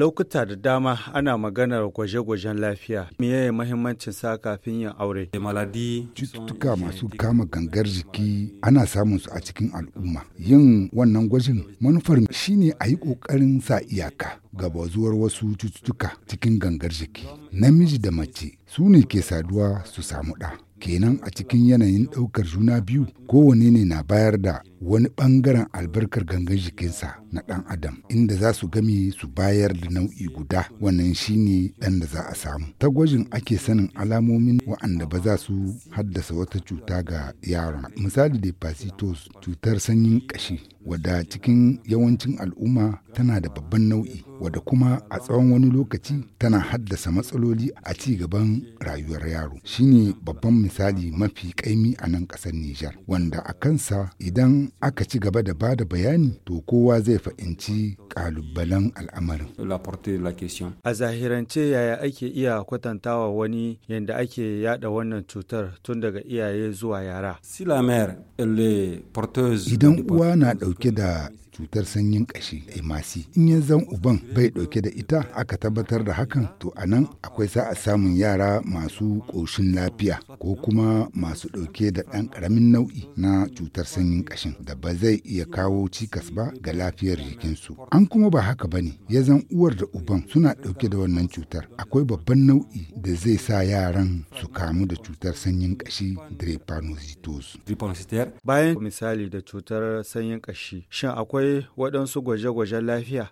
Lokuta da dama ana maganar gwaje-gwajen lafiya. ya mahimmancin sa kafin yin aure? Cututtuka masu kama gangar jiki ana samun su a cikin al'umma. Yin wannan gwajin manufar shine a yi ƙoƙarin sa iyaka ga bazuwar wasu cututtuka cikin gangar jiki. Namiji da mace su ne ke saduwa su samu ɗa. kenan a cikin yanayin ɗaukar juna biyu kowane ne na bayar da wani ɓangaren albarkar gangan jikinsa na ɗan adam inda za su gami su bayar da nau'i guda wannan shine ɗan da za a samu ta gwajin ake sanin alamomin wa'anda ba za su haddasa wata cuta ga yaron misali da pasitos cutar sanyin ƙashi wadda cikin yawancin al'umma tana da babban nau'i wadda kuma a tsawon wani lokaci tana haddasa matsaloli a ci gaban rayuwar yaro shine babban misali mafi kaimi a nan ƙasar Nijar wanda a kansa idan aka ci gaba da bada bayani to kowa zai fahimci kalubalen al'amarin. A zahirance yaya ake iya kwatantawa wani yadda ake yada wannan cutar tun daga iyaye zuwa yara? Idan uwa na dauke da cutar sanyin kashi masi in ya zan uban bai dauke da ita aka tabbatar da hakan to a nan akwai a samun yara masu koshin lafiya ko kuma masu dauke da ɗan ƙaramin nau'i na cutar sanyin kashin da ba zai iya kawo cikas ba ga lafiyar jikinsu an kuma ba haka ba ne ya zan uwar da uban suna dauke da wannan cutar akwai babban nau'i da zai sa yaran su kamu da cutar sanyin kashi drepanocytosis bayan misali da cutar sanyin kashi shin akwai akwai waɗansu gwaje-gwajen lafiya.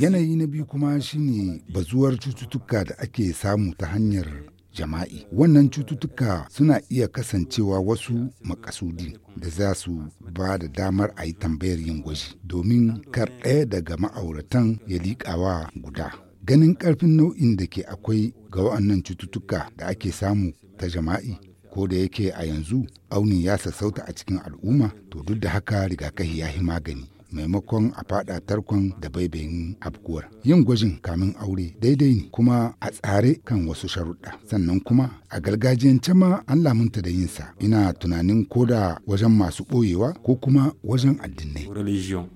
Yanayi na biyu kuma shine bazuwar cututtuka da ake samu ta hanyar jama'i. Wannan cututtuka suna iya kasancewa wasu makasudi da za su ba da damar a yi tambayar yin gwaji domin kar ɗaya daga ma'auratan ya liƙawa guda. Ganin ƙarfin nau'in da ke akwai ga wa'annan cututtuka da ake samu ta jama'i ko da yake a yanzu aunin ya sassauta a cikin al'umma to duk da haka rigakafi ya yi magani maimakon a fada tarkon da baibayin abkuwar yin gwajin kamin aure daidai ne kuma a tsare kan wasu sharuɗa sannan kuma a gargajiyance ma an lamunta da yinsa ina tunanin koda wajen masu ɓoyewa ko kuma wajen addinai